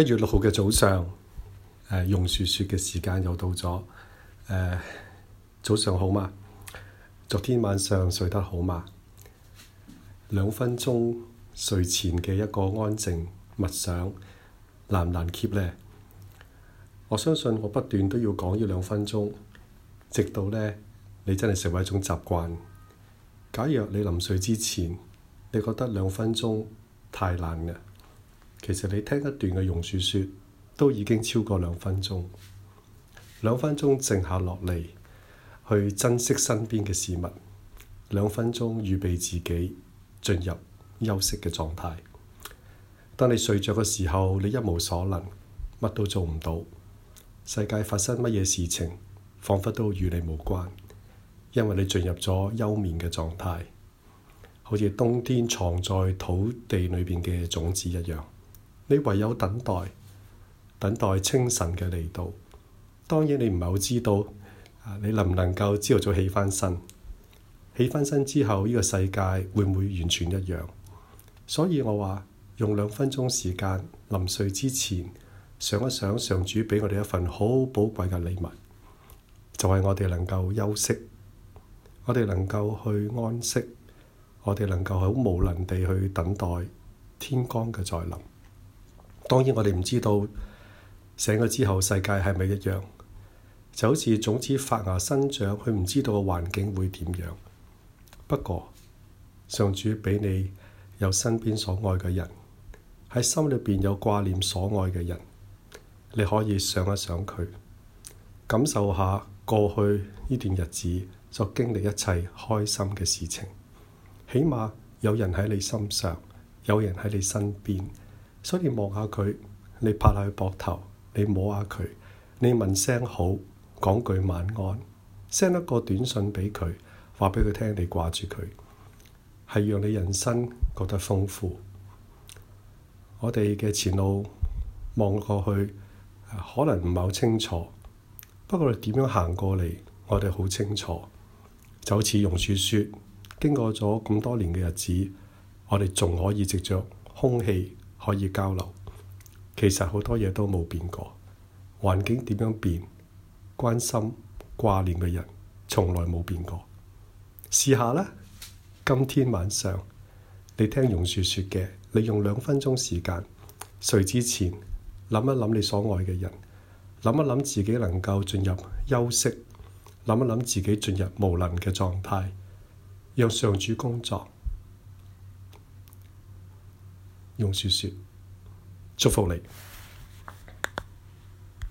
一月六號嘅早上，誒榕樹雪嘅時間又到咗。誒、呃、早上好嘛？昨天晚上睡得好嘛？兩分鐘睡前嘅一個安靜默想，難唔難 keep 咧？我相信我不斷都要講呢兩分鐘，直到咧你真係成為一種習慣。假若你臨睡之前，你覺得兩分鐘太難啦。其實你聽一段嘅榕樹說都已經超過兩分鐘，兩分鐘靜下落嚟去珍惜身邊嘅事物，兩分鐘預備自己進入休息嘅狀態。當你睡着嘅時候，你一無所能，乜都做唔到，世界發生乜嘢事情，彷彿都與你無關，因為你進入咗休眠嘅狀態，好似冬天藏在土地裏邊嘅種子一樣。你唯有等待，等待清晨嘅嚟到。當然，你你唔係好知道你能唔能夠朝早起翻身，起翻身之後呢個世界會唔會完全一樣？所以我話用兩分鐘時間，臨睡之前想一想，上主畀我哋一份好寶貴嘅禮物，就係我哋能夠休息，我哋能夠去安息，我哋能夠好無能地去等待天光嘅再臨。當然，我哋唔知道醒咗之後世界係咪一樣，就好似種子發芽生長，佢唔知道個環境會點樣。不過，上主俾你有身邊所愛嘅人喺心裏邊有掛念所愛嘅人，你可以想一想佢，感受下過去呢段日子所經歷一切開心嘅事情。起碼有人喺你心上，有人喺你身邊。所以望下佢，你拍下佢膊頭，你摸下佢，你問聲好，講句晚安，send 一個短信俾佢，話俾佢聽你掛住佢，係讓你人生覺得豐富。我哋嘅前路望過去，可能唔係好清楚，不過你點樣行過嚟，我哋好清楚，就好似榕樹說，經過咗咁多年嘅日子，我哋仲可以藉着空氣。可以交流，其實好多嘢，都冇變過，環境點樣變，關心掛念嘅人從來冇變過。試下啦，今天晚上你聽榕樹說嘅，你用兩分鐘時間睡之前，諗一諗你所愛嘅人，諗一諗自己能夠進入休息，諗一諗自己進入無能嘅狀態，讓上主工作。用說說祝福你。